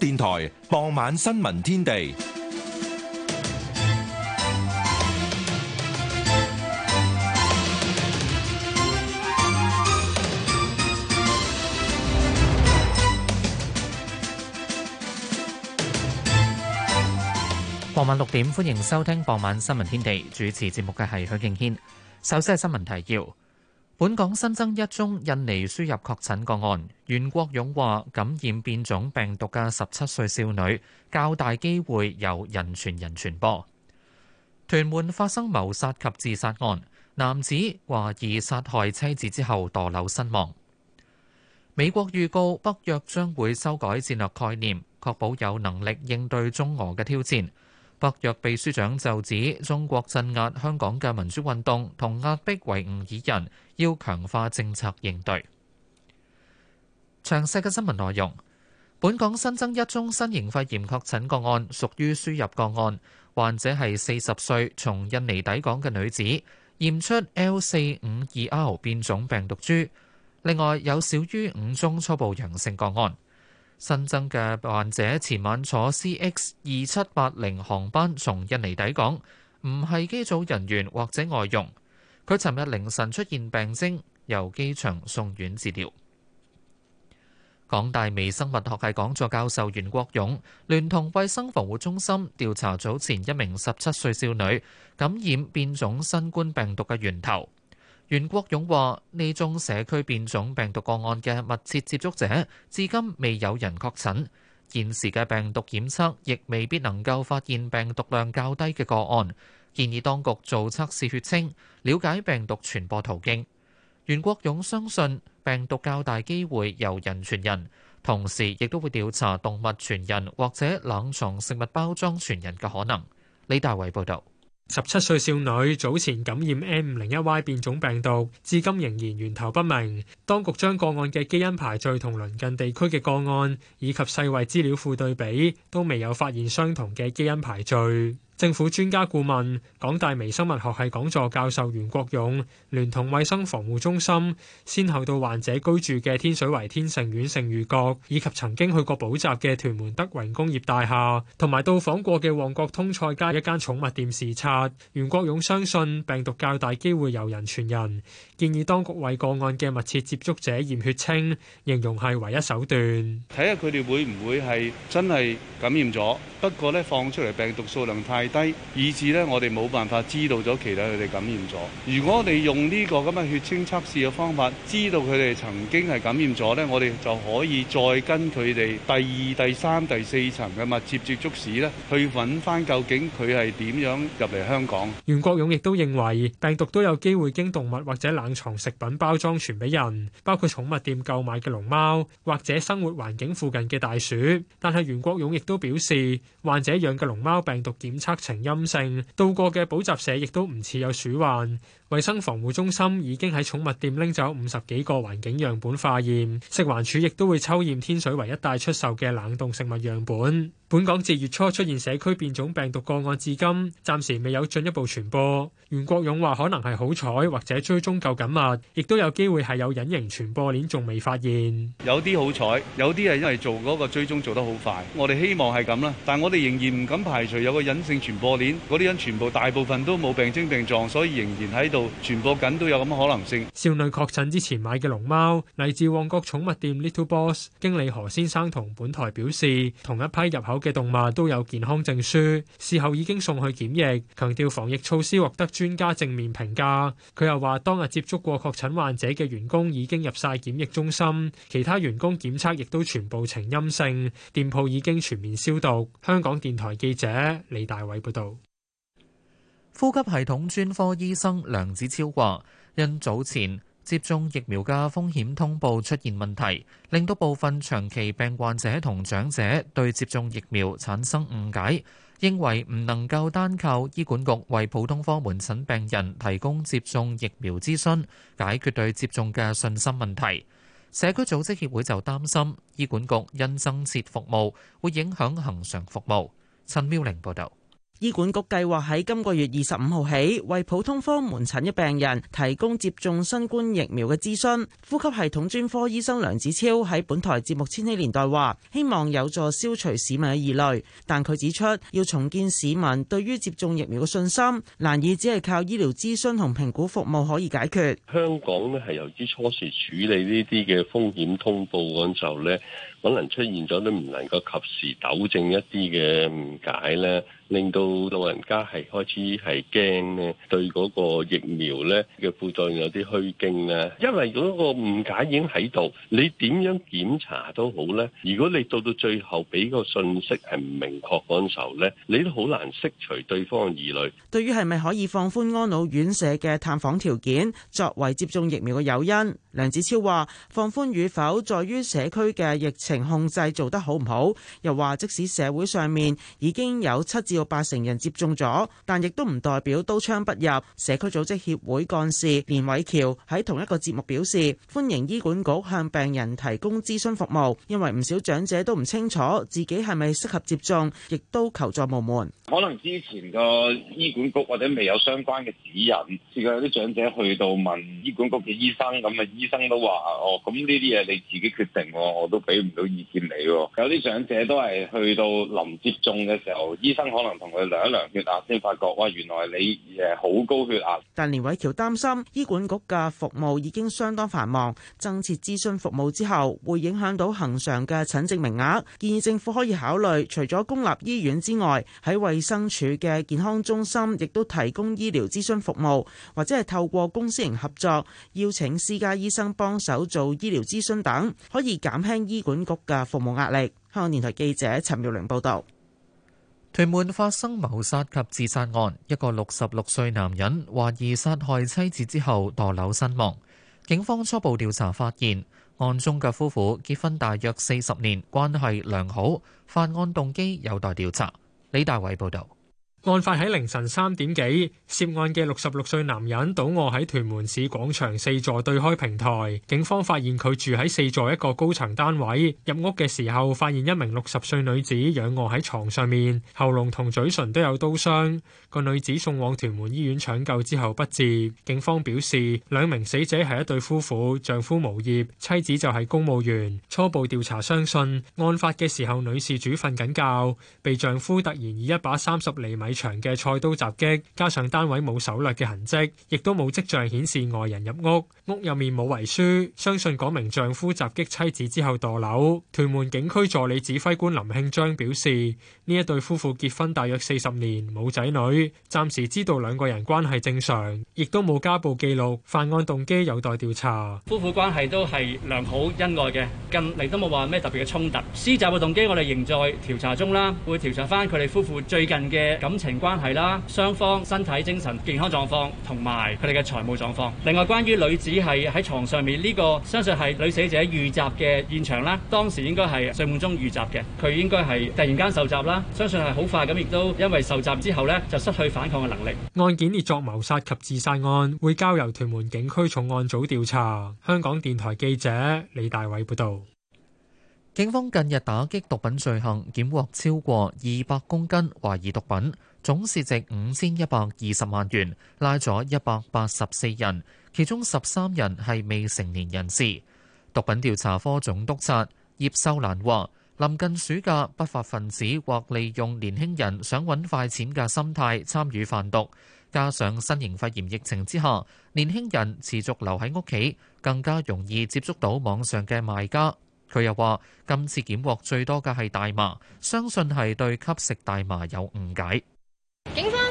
電台傍晚新聞天地，傍晚六點，歡迎收聽傍晚新聞天地。主持節目嘅係許敬軒，首先係新聞提要。本港新增一宗印尼輸入確診個案，袁國勇話感染變種病毒嘅十七歲少女，較大機會由人傳人傳播。屯門發生謀殺及自殺案，男子懷疑殺害妻子之後墮樓身亡。美國預告北約將會修改戰略概念，確保有能力應對中俄嘅挑戰。北約秘書長就指，中國鎮壓香港嘅民主運動同壓迫維吾爾人，要強化政策應對。詳細嘅新聞內容。本港新增一宗新型肺炎確診個案，屬於輸入個案，患者係四十歲從印尼抵港嘅女子，驗出 L 四五二 R 變種病毒株。另外有少於五宗初步陽性個案。新增嘅患者前晚坐 CX 二七八零航班從印尼抵港，唔係機組人員或者外傭。佢尋日凌晨出現病徵，由機場送院治療。港大微生物學系講座教授袁國勇聯同衛生防護中心調查早前一名十七歲少女感染變種新冠病毒嘅源頭。袁國勇話：呢宗社區變種病毒個案嘅密切接觸者，至今未有人確診。現時嘅病毒檢測亦未必能夠發現病毒量較低嘅個案，建議當局做測試血清，了解病毒傳播途徑。袁國勇相信病毒較大機會由人傳人，同時亦都會調查動物傳人或者冷藏食物包裝傳人嘅可能。李大偉報導。十七歲少女早前感染 M 零一 Y 變種病毒，至今仍然源頭不明。當局將個案嘅基因排序同鄰近地區嘅個案，以及世衛資料庫對比，都未有發現相同嘅基因排序。政府專家顧問、港大微生物學系講座教授袁國勇，聯同衛生防護中心，先後到患者居住嘅天水圍天盛苑盛如閣，以及曾經去過補習嘅屯門德榮工業大廈，同埋到訪過嘅旺角通菜街一間寵物店視察。袁國勇相信病毒較大機會由人傳人，建議當局為個案嘅密切接觸者驗血清，形容係唯一手段。睇下佢哋會唔會係真係感染咗？不過呢，放出嚟病毒數量太低，以至呢我哋冇辦法知道咗其他佢哋感染咗。如果我哋用呢個咁嘅血清測試嘅方法，知道佢哋曾經係感染咗呢，我哋就可以再跟佢哋第二、第三、第四層嘅密切接觸史呢，去揾翻究竟佢係點樣入嚟香港。袁國勇亦都認為病毒都有機會經動物或者冷藏食品包裝傳俾人，包括寵物店購買嘅龍貓或者生活環境附近嘅大鼠。但係袁國勇亦都表示，患者養嘅龍貓病毒檢測。呈陰性，到過嘅補習社亦都唔似有鼠患。衛生防護中心已經喺寵物店拎走五十幾個環境樣本化驗，食環署亦都會抽驗天水圍一帶出售嘅冷凍食物樣本。本港自月初出現社區變種病毒個案至今，暫時未有進一步傳播。袁國勇話：可能係好彩，或者追蹤夠緊密，亦都有機會係有隱形傳播鏈仲未發現有些。有啲好彩，有啲係因為做嗰個追蹤做得好快，我哋希望係咁啦，但我哋仍然唔敢排除有個隱性傳播鏈，嗰啲人全部大部分都冇病徵病狀，所以仍然喺度。傳播緊都有咁嘅可能性。少女確診之前買嘅龍貓嚟自旺角寵物店 Little Boss，經理何先生同本台表示，同一批入口嘅動物都有健康證書，事後已經送去檢疫，強調防疫措施獲得專家正面評價。佢又話當日接觸過確診患者嘅員工已經入晒檢疫中心，其他員工檢測亦都全部呈陰性，店鋪已經全面消毒。香港電台記者李大偉報道。呼吸系統專科醫生梁子超話，因早前接種疫苗嘅風險通報出現問題，令到部分長期病患者同長者對接種疫苗產生誤解，認為唔能夠單靠醫管局為普通科門診病人提供接種疫苗諮詢，解決對接種嘅信心問題。社區組織協會就擔心醫管局因增設服務會影響恆常服務。陳妙玲報導。醫管局計劃喺今個月二十五號起，為普通科門診嘅病人提供接種新冠疫苗嘅諮詢。呼吸系統專科醫生梁子超喺本台節目《千禧年代》話，希望有助消除市民嘅疑慮。但佢指出，要重建市民對於接種疫苗嘅信心，難以只係靠醫療諮詢同評估服務可以解決。香港咧係由於初時處理呢啲嘅風險通報嘅時候可能出現咗都唔能夠，及時糾正一啲嘅誤解咧，令到老人家係開始係驚，咧，對嗰個疫苗咧嘅副作用有啲虛驚咧，因為嗰個誤解已經喺度，你點樣檢查都好咧。如果你到到最後俾個信息係唔明確嗰陣時候，咧，你都好難釋除對方嘅疑慮。對於係咪可以放寬安老院舍嘅探訪條件，作為接種疫苗嘅誘因，梁子超話：放寬與否，在於社區嘅疫情。情控制做得好唔好？又話即使社會上面已經有七至八成人接種咗，但亦都唔代表刀槍不入。社區組織協會幹事連偉喬喺同一個節目表示，歡迎醫管局向病人提供諮詢服務，因為唔少長者都唔清楚自己係咪適合接種，亦都求助無門。可能之前個醫管局或者未有相關嘅指引，試過有啲長者去到問醫管局嘅醫生，咁啊，醫生都話哦，咁呢啲嘢你自己決定，我都俾唔。有意見有啲長者都係去到臨接種嘅時候，醫生可能同佢量一量血壓，先發覺哇，原來你誒好高血壓。但連偉橋擔心，醫管局嘅服務已經相當繁忙，增設諮詢服務之後，會影響到恒常嘅診症名額，建議政府可以考慮除咗公立醫院之外，喺衛生署嘅健康中心，亦都提供醫療諮詢服務，或者係透過公私營合作，邀請私家醫生幫手做醫療諮詢等，可以減輕醫管局。嘅服務壓力。香港電台記者陳妙玲報道：屯門發生謀殺及自殺案，一個六十六歲男人懷疑殺害妻子之後墮樓身亡。警方初步調查發現，案中嘅夫婦結婚大約四十年，關係良好，犯案動機有待調查。李大偉報道。案發喺凌晨三點幾，涉案嘅六十六歲男人倒卧喺屯門市廣場四座對開平台，警方發現佢住喺四座一個高層單位。入屋嘅時候，發現一名六十歲女子仰卧喺床上面，喉嚨同嘴唇都有刀傷。個女子送往屯門醫院搶救之後不治。警方表示，兩名死者係一對夫婦，丈夫無業，妻子就係公務員。初步調查相信，案發嘅時候，女事主瞓緊覺，被丈夫突然以一把三十厘米。場嘅菜刀襲擊，加上單位冇搜掠嘅痕跡，亦都冇跡象顯示外人入屋，屋入面冇遺書，相信嗰名丈夫襲擊妻子之後墮樓。屯門警區助理指揮官林慶章表示：呢一對夫婦結婚大約四十年，冇仔女，暫時知道兩個人關係正常，亦都冇家暴記錄，犯案動機有待調查。夫婦關係都係良好恩愛嘅，近嚟都冇話咩特別嘅衝突。施襲嘅動機我哋仍在調查中啦，會調查翻佢哋夫婦最近嘅感情。情關係啦，雙方身體、精神健康狀況同埋佢哋嘅財務狀況。另外，關於女子係喺床上面呢個，相信係女死者遇襲嘅現場啦。當時應該係睡夢中遇襲嘅，佢應該係突然間受襲啦。相信係好快咁，亦都因為受襲之後呢，就失去反抗嘅能力。案件列作謀殺及自殺案，會交由屯門警區重案組調查。香港電台記者李大偉報導，警方近日打擊毒品罪行，檢獲超過二百公斤懷疑毒品。總市值五千一百二十萬元，拉咗一百八十四人，其中十三人係未成年人士。毒品調查科總督察葉秀蘭話，臨近暑假，不法分子或利用年輕人想揾快錢嘅心態參與販毒，加上新型肺炎疫情之下，年輕人持續留喺屋企，更加容易接觸到網上嘅賣家。佢又話，今次檢獲最多嘅係大麻，相信係對吸食大麻有誤解。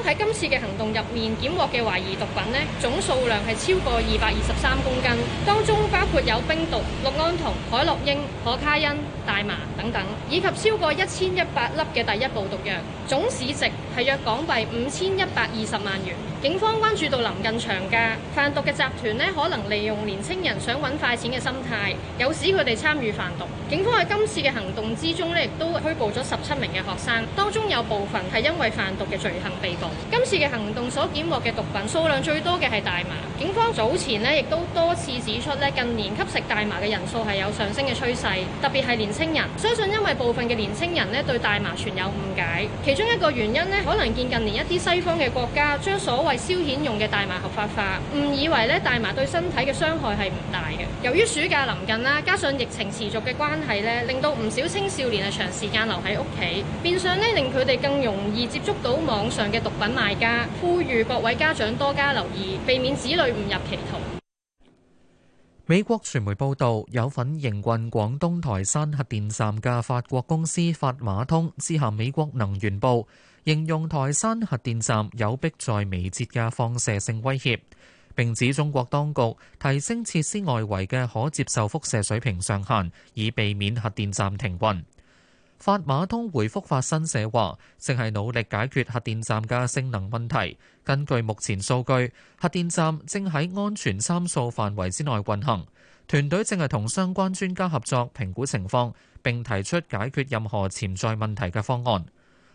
喺今次嘅行動入面，檢獲嘅懷疑毒品呢，總數量係超過二百二十三公斤，當中包括有冰毒、氯胺酮、海洛因、可卡因、大麻等等，以及超過一千一百粒嘅第一部毒藥，總市值係約港幣五千一百二十萬元。警方關注到臨近長假，販毒嘅集團可能利用年輕人想揾快錢嘅心態，誘使佢哋參與販毒。警方喺今次嘅行動之中咧，亦都拘捕咗十七名嘅學生，當中有部分係因為販毒嘅罪行被捕。今次嘅行動所檢獲嘅毒品數量最多嘅係大麻。警方早前咧亦都多次指出咧，近年吸食大麻嘅人數係有上升嘅趨勢，特別係年輕人。相信因為部分嘅年輕人咧對大麻存有誤解，其中一個原因可能見近年一啲西方嘅國家將所謂為消遣用嘅大麻合法化，誤以為咧大麻對身體嘅傷害係唔大嘅。由於暑假臨近啦，加上疫情持續嘅關係呢，令到唔少青少年係長時間留喺屋企，變相呢，令佢哋更容易接觸到網上嘅毒品賣家。呼籲各位家長多加留意，避免子女誤入歧途。美國傳媒報道，有份營運廣東台山核電站嘅法國公司法馬通致函美國能源部。形容台山核電站有迫在眉睫嘅放射性威脅，並指中國當局提升設施外圍嘅可接受輻射水平上限，以避免核電站停運。法馬通回覆法新社話，正係努力解決核電站嘅性能問題。根據目前數據，核電站正喺安全參數範圍之內運行。團隊正係同相關專家合作評估情況，並提出解決任何潛在問題嘅方案。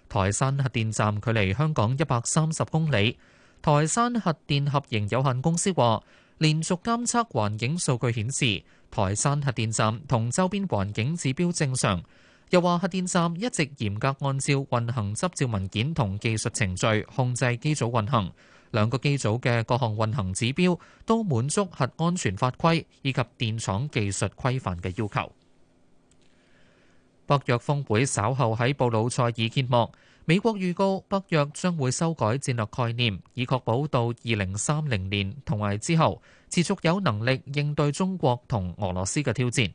台山核電站距離香港一百三十公里。台山核電合營有限公司話，連續監測環境數據顯示，台山核電站同周邊環境指標正常。又話核電站一直嚴格按照運行執照文件同技術程序控制機組運行，兩個機組嘅各項運行指標都滿足核安全法規以及電廠技術規範嘅要求。北約峰會稍後喺布魯塞爾揭幕，美國預告北約將會修改戰略概念，以確保到二零三零年同埋之後持續有能力應對中國同俄羅斯嘅挑戰。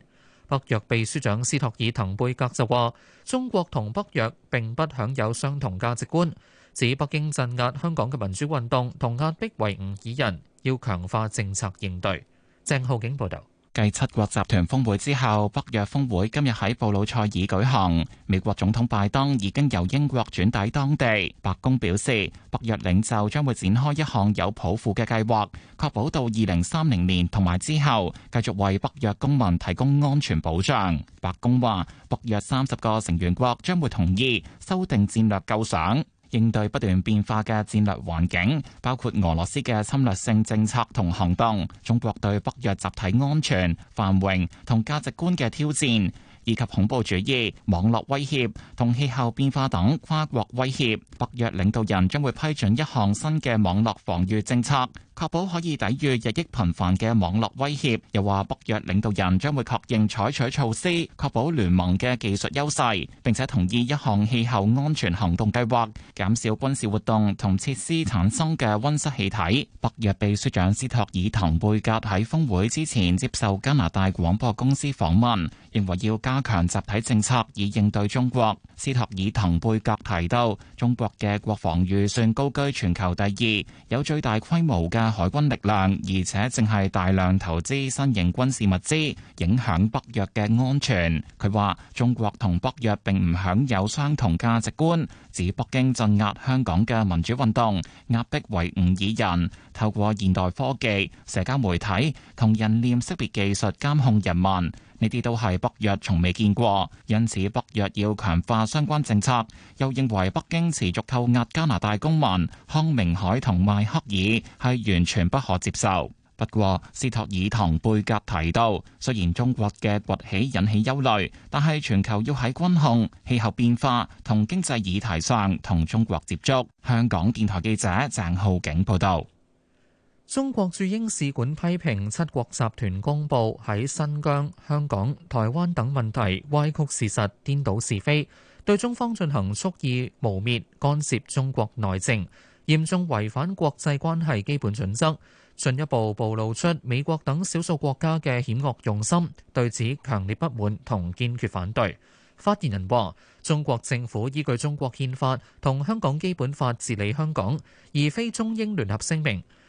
北約秘書長斯托爾滕貝格就話：中國同北約並不享有相同價值觀，指北京鎮壓香港嘅民主運動同壓迫維吾爾人，要強化政策應對。鄭浩景報道。繼七國集團峰會之後，北約峰會今日喺布魯塞爾舉行。美國總統拜登已經由英國轉抵當地。白宮表示，北約領袖將會展開一項有抱負嘅計劃，確保到二零三零年同埋之後，繼續為北約公民提供安全保障。白宮話，北約三十個成員國將會同意修訂戰略構想。應對不斷變化嘅戰略環境，包括俄羅斯嘅侵略性政策同行動、中國對北約集體安全、繁榮同價值觀嘅挑戰，以及恐怖主義、網絡威脅同氣候變化等跨國威脅，北約領導人將會批准一項新嘅網絡防禦政策。確保可以抵禦日益頻繁嘅網絡威脅，又話北約領導人將會確認採取措施，確保聯盟嘅技術優勢，並且同意一項氣候安全行動計劃，減少軍事活動同設施產生嘅溫室氣體。北約秘書長斯托爾滕貝格喺峰會之前接受加拿大廣播公司訪問，認為要加強集體政策以應對中國。斯托爾滕貝格提到，中國嘅國防預算高居全球第二，有最大規模嘅海軍力量，而且正係大量投資新型軍事物資，影響北約嘅安全。佢話中國同北約並唔享有相同價值觀，指北京鎮壓香港嘅民主運動，壓迫維吾爾人，透過現代科技、社交媒體同人臉識別技術監控人民。呢啲都係北約從未見過，因此北約要強化相關政策，又認為北京持續扣押加拿大公民康明凱同邁克爾係完全不可接受。不過斯托爾同貝格提到，雖然中國嘅崛起引起憂慮，但係全球要喺軍控、氣候變化同經濟議題上同中國接觸。香港電台記者鄭浩景報道。中國駐英使館批評七國集團公布喺新疆、香港、台灣等問題歪曲事實、顛倒是非，對中方進行蓄意污蔑、干涉中國內政、嚴重違反國際關係基本準則。進一步暴露出美國等少數國家的險惡用心,對此強烈不滿同堅決反對。發言人話,中國政府依據中國憲法同香港基本法治理香港,而非中英聯合聲明。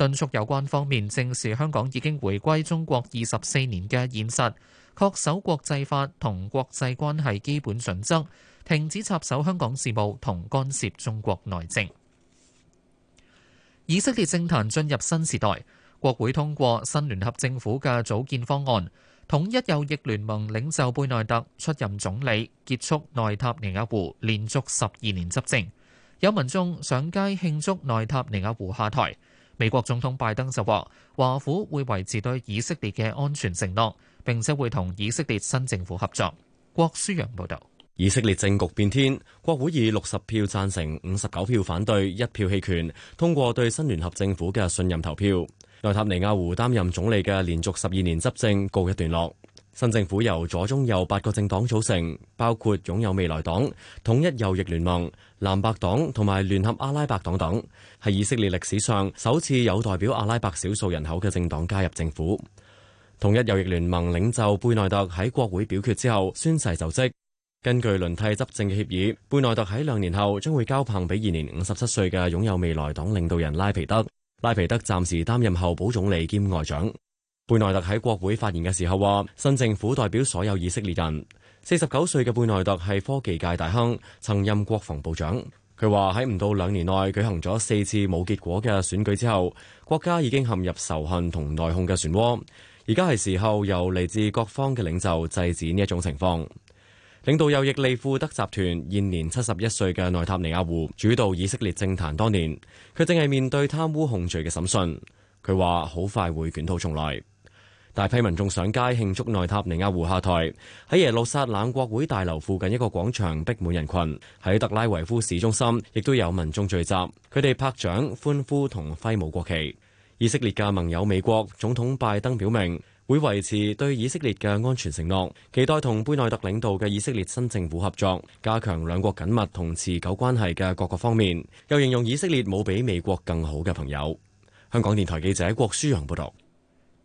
敦促有關方面正視香港已經回歸中國二十四年嘅現實，恪守國際法同國際關係基本準則，停止插手香港事務同干涉中國內政。以色列政壇進入新時代，國會通過新聯合政府嘅組建方案，統一右翼聯盟領袖貝內特出任總理，結束內塔尼亞胡連續十二年執政。有民眾上街慶祝內塔尼亞胡下台。美國總統拜登就話，華府會維持對以色列嘅安全承諾，並且會同以色列新政府合作。郭舒揚報道，以色列政局變天，國會以六十票贊成、五十九票反對、一票棄權，通過對新聯合政府嘅信任投票。內塔尼亞胡擔任總理嘅連續十二年執政告一段落。新政府由左、中、右八個政黨組成，包括擁有未來黨、統一右翼聯盟、藍白黨同埋聯合阿拉伯黨等，係以色列歷史上首次有代表阿拉伯少數人口嘅政黨加入政府。統一右翼聯盟領袖貝內特喺國會表決之後宣誓就職。根據輪替執政嘅協議，貝內特喺兩年後將會交棒俾現年五十七歲嘅擁有未來黨領導人拉皮德。拉皮德暫時擔任候補總理兼外長。貝內特喺國會發言嘅時候話，新政府代表所有以色列人。四十九歲嘅貝內特係科技界大亨，曾任國防部長。佢話喺唔到兩年內舉行咗四次冇結果嘅選舉之後，國家已經陷入仇恨同內訌嘅漩渦。而家係時候由嚟自各方嘅領袖制止呢一種情況。領導右翼利庫德集團現年七十一歲嘅內塔尼亞胡主導以色列政壇多年，佢正係面對貪污控罪嘅審訊。佢話好快會捲土重來。大批民眾上街慶祝內塔尼亞胡下台，喺耶路撒冷國會大樓附近一個廣場逼滿人群，喺特拉維夫市中心亦都有民眾聚集，佢哋拍掌、歡呼同揮舞國旗。以色列嘅盟友美國總統拜登表明會維持對以色列嘅安全承諾，期待同貝內特領導嘅以色列新政府合作，加強兩國緊密同持久關係嘅各個方面，又形容以色列冇比美國更好嘅朋友。香港電台記者郭舒揚報道。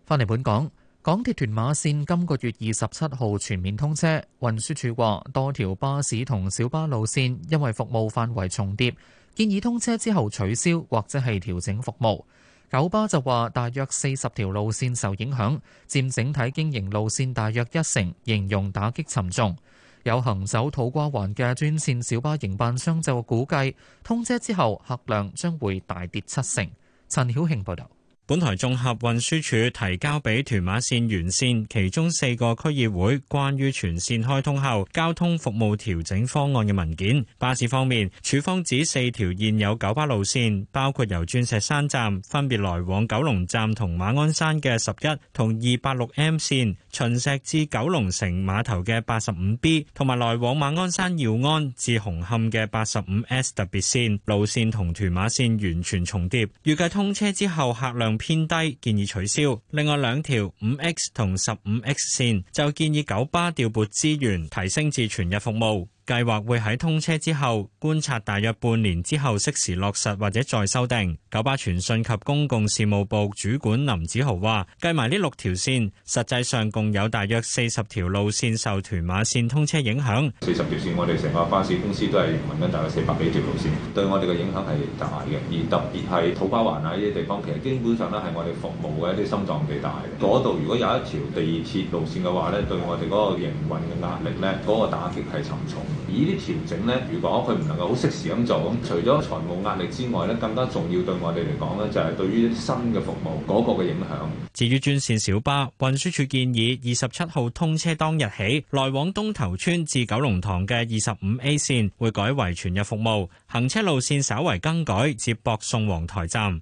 翻嚟本港。港鐵屯馬線今個月二十七號全面通車，運輸署話多條巴士同小巴路線因為服務範圍重疊，建議通車之後取消或者係調整服務。九巴就話大約四十條路線受影響，佔整體經營路線大約一成，形容打擊沉重。有行走土瓜灣嘅專線小巴營辦商就估計通車之後客量將會大跌七成。陳曉慶報道。本台綜合運輸署提交俾屯馬線沿線其中四個區議會關於全線開通後交通服務調整方案嘅文件。巴士方面，署方指四條現有九巴路線，包括由鑽石山站分別來往九龍站同馬鞍山嘅十一同二八六 M 線、秦石至九龍城碼頭嘅八十五 B、同埋來往馬鞍山耀安至紅磡嘅八十五 S 特別線，路線同屯馬線完全重疊。預計通車之後客量偏低，建議取消。另外兩條五 X 同十五 X 線就建議九巴調撥資源，提升至全日服務。計劃會喺通車之後觀察大約半年之後，適時落實或者再修訂。九巴傳訊及公共事務部主管林子豪話：計埋呢六條線，實際上共有大約四十條路線受屯馬線通車影響。四十條線，我哋成個巴士公司都係營運緊大約四百幾條路線，對我哋嘅影響係大嘅。而特別係土瓜灣啊依啲地方，其實基本上係我哋服務嘅一啲心臟地帶。嗰度如果有一條地鐵路線嘅話咧，對我哋嗰個營運嘅壓力咧，嗰個打擊係沉重。而啲調整呢，如果佢唔能夠好適時咁做，咁除咗財務壓力之外呢，更加重要對我哋嚟講呢，就係、是、對於新嘅服務嗰、那個嘅影響。至於專線小巴，運輸署建議二十七號通車當日起，來往東頭村至九龍塘嘅二十五 A 線會改為全日服務，行車路線稍為更改，接駁宋皇臺站。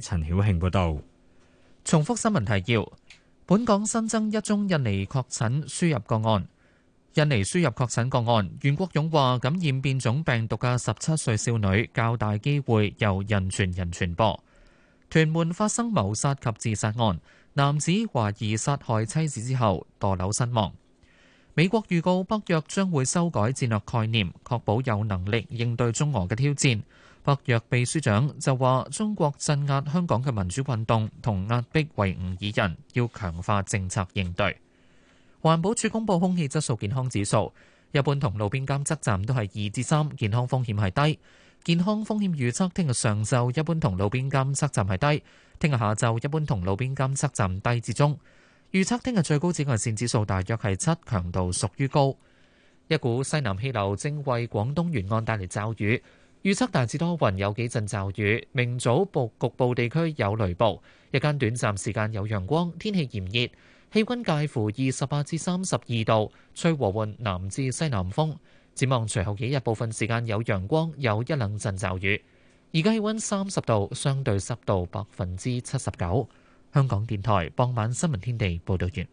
陳曉慶報道：重複新聞提要，本港新增一宗印尼確診輸入個案，印尼輸入確診個案。袁國勇話：感染變種病毒嘅十七歲少女，較大機會由人傳人傳播。屯門發生謀殺及自殺案，男子懷疑殺害妻子之後墮樓身亡。美國預告北約將會修改戰略概念，確保有能力應對中俄嘅挑戰。北約秘書長就話：中國鎮壓香港嘅民主運動同壓迫維吾爾人，要強化政策應對。環保署公布空氣質素健康指數，一般同路邊監測站都係二至三，健康風險係低。健康風險預測聽日上晝一般同路邊監測站係低，聽日下晝一般同路邊監測站低至中。預測聽日最高紫外線指數大約係七，強度屬於高。一股西南氣流正為廣東沿岸帶嚟驟雨。預測大致多雲，有幾陣驟雨。明早部局部地區有雷暴，日間短暫時間有陽光，天氣炎熱，氣温介乎二十八至三十二度，吹和緩南至西南風。展望隨後幾日，部分時間有陽光，有一兩陣驟雨。而家氣温三十度，相對濕度百分之七十九。香港電台傍晚新聞天地報道完。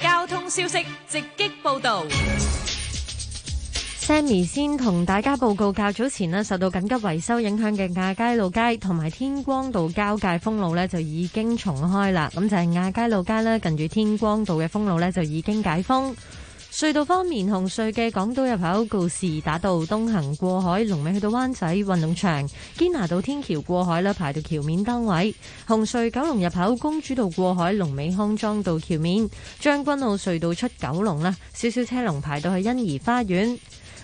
交通消息直擊報道。Sammy 先同大家報告，較早前受到緊急維修影響嘅亞皆老街同埋天光道交界封路呢，就已經重開啦。咁就係亞皆老街呢，近住天光道嘅封路呢，就已經解封。隧道方面，紅隧嘅港島入口告士打道東行過海，龍尾去到灣仔運動場；堅拿道天橋過海咧排到橋面燈位。紅隧九龍入口公主道過海，龍尾康莊道橋面。將軍澳隧道出九龍啦，少少車龍排到去欣怡花園。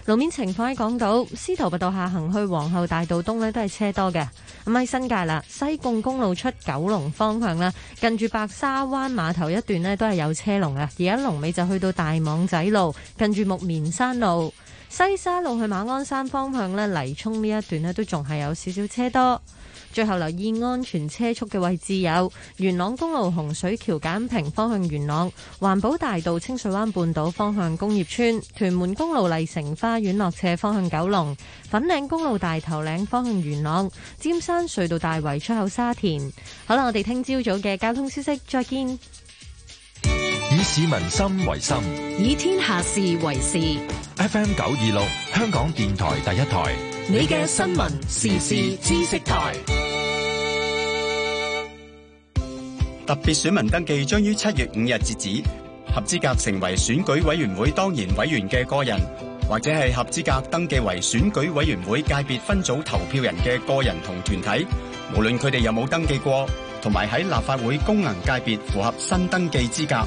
路面情況喺港島，司徒拔道下行去皇后大道東呢都係車多嘅。咁喺新界啦，西貢公路出九龍方向咧，近住白沙灣碼頭一段呢都係有車龍啊。而家龍尾就去到大網仔路，近住木棉山路、西沙路去馬鞍山方向呢，泥涌呢一段呢都仲係有少少車多。最後留意安全車速嘅位置有元朗公路洪水橋簡平方向元朗，環保大道清水灣半島方向工業村，屯門公路麗城花園落斜方向九龍，粉嶺公路大頭嶺方向元朗，尖山隧道大圍出口沙田。好啦，我哋聽朝早嘅交通消息，再見。市民心為心，以天下事為事。FM 九二六，香港電台第一台。你嘅新聞時事知識台。特別選民登記將於七月五日截止，合資格成為選舉委員會當然委員嘅個人，或者係合資格登記為選舉委員會界別分組投票人嘅個人同團體，無論佢哋有冇登記過，同埋喺立法會功能界別符合新登記資格，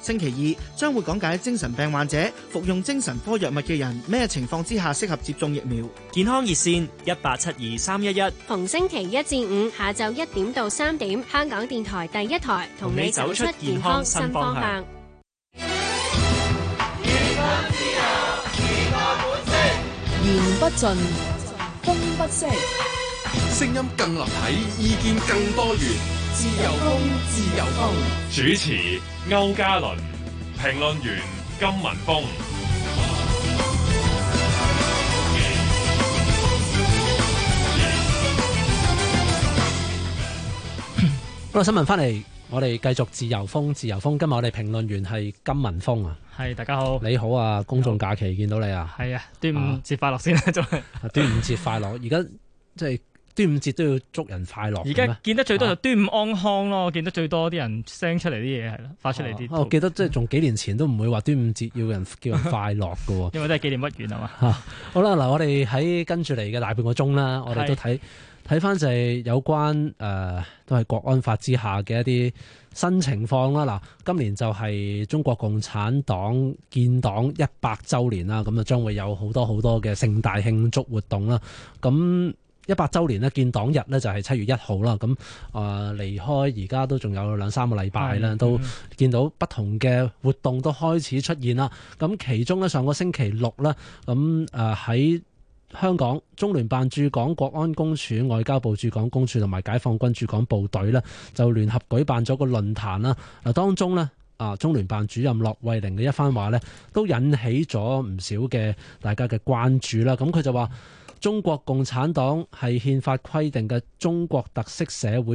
星期二將會講解精神病患者服用精神科藥物嘅人咩情況之下適合接種疫苗。健康熱線一八七二三一一。逢星期一至五下晝一點到三點，香港電台第一台同你走出健康新方向。言不盡，風不息，聲音更立體，意見更多元。自由風，自由風。主持。歐嘉倫，評論員金文峰。好啦，新聞翻嚟，我哋繼續自由風，自由風，今日我哋評論員係金文峰啊，係，大家好，你好啊，公眾假期見到你啊，係啊，端午節快樂先啊，端午節快樂，而家即係。就是端午節都要祝人快樂。而家見得最多就端午安康咯。啊、見得最多啲人 send 出嚟啲嘢係咯，發出嚟啲，啊啊。我記得即係仲，幾年前都唔會話端午節要人叫人快樂喎， 因為都係紀念屈原係嘛。吓，好啦，嗱，我哋喺跟住嚟嘅大半個鐘啦，我哋都睇睇翻就係有關誒、呃，都係國安法之下嘅一啲新情況啦。嗱、啊，今年就係中國共產黨建黨一百周年啦，咁啊，將會有好多好多嘅盛大慶祝活動啦，咁。一百周年咧，建黨日呢，就係七月一號啦。咁啊，離開而家都仲有兩三個禮拜啦，都見到不同嘅活動都開始出現啦。咁其中呢，上個星期六呢，咁啊喺香港中聯辦駐港國安公署、外交部駐港公署同埋解放軍駐港部隊呢，就聯合舉辦咗個論壇啦。嗱，當中呢，啊，中聯辦主任駱惠寧嘅一番話呢，都引起咗唔少嘅大家嘅關注啦。咁佢就話。中國共產黨係憲法規定嘅中國特色社會。